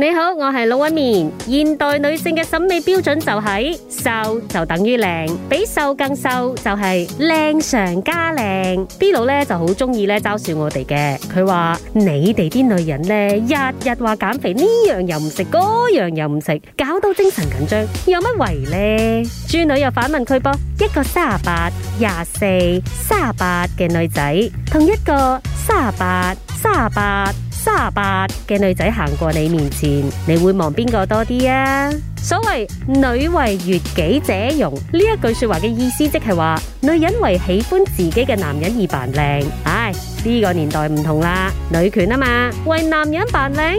你好，我係龍紋敏。現代女性嘅審美標準就係瘦就等於靚，比瘦更瘦就係靚上加靚。B 佬咧就好中意嘲笑我哋嘅，佢話你哋啲女人咧，日日話減肥，呢樣又唔食，嗰樣又唔食，搞到精神緊張，有乜為呢？豬女又反問佢噃：一個三十八、廿四、三十八嘅女仔，同一個三十八、三十八。三十八嘅女仔行過你面前，你會望邊個多啲啊？所謂女為悅己者容呢一句說話嘅意思即，即係話女人為喜歡自己嘅男人而扮靚。唉、哎，呢、這個年代唔同啦，女權啊嘛，為男人扮靚。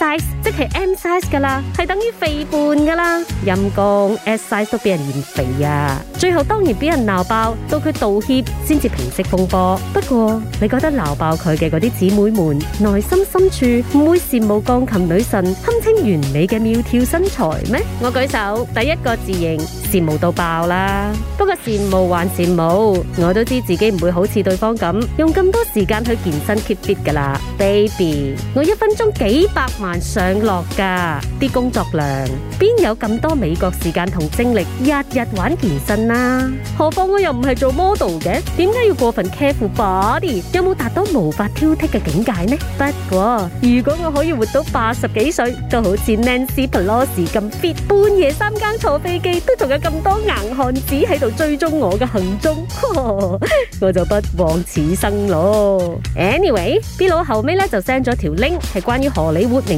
size 即係 M size 噶啦，係等於肥胖噶啦。陰公 S size 都俾人嫌肥啊！最後當然俾人鬧爆，到佢道歉先至平息風波。不過你覺得鬧爆佢嘅嗰啲姊妹們，內心深處唔會羨慕鋼琴女神堪稱完美嘅苗條身材咩？我舉手，第一個自認羨慕到爆啦。不過羨慕還羨慕，我都知自己唔會好似對方咁用咁多時間去健身 keep fit 噶啦，baby。我一分鐘幾百萬。上落噶啲工作量，邊有咁多美國時間同精力日日玩健身啦？何況我又唔係做 model 嘅，點解要過分 careful body？有冇達到無法挑剔嘅境界呢？不過如果我可以活到八十幾歲，都好似 Nancy Pelosi 咁 fit，半夜三更坐飛機都仲有咁多硬漢子喺度追蹤我嘅行蹤，我就不枉此生咯。Anyway，B 佬後尾咧就 send 咗條 link 係關於荷里活名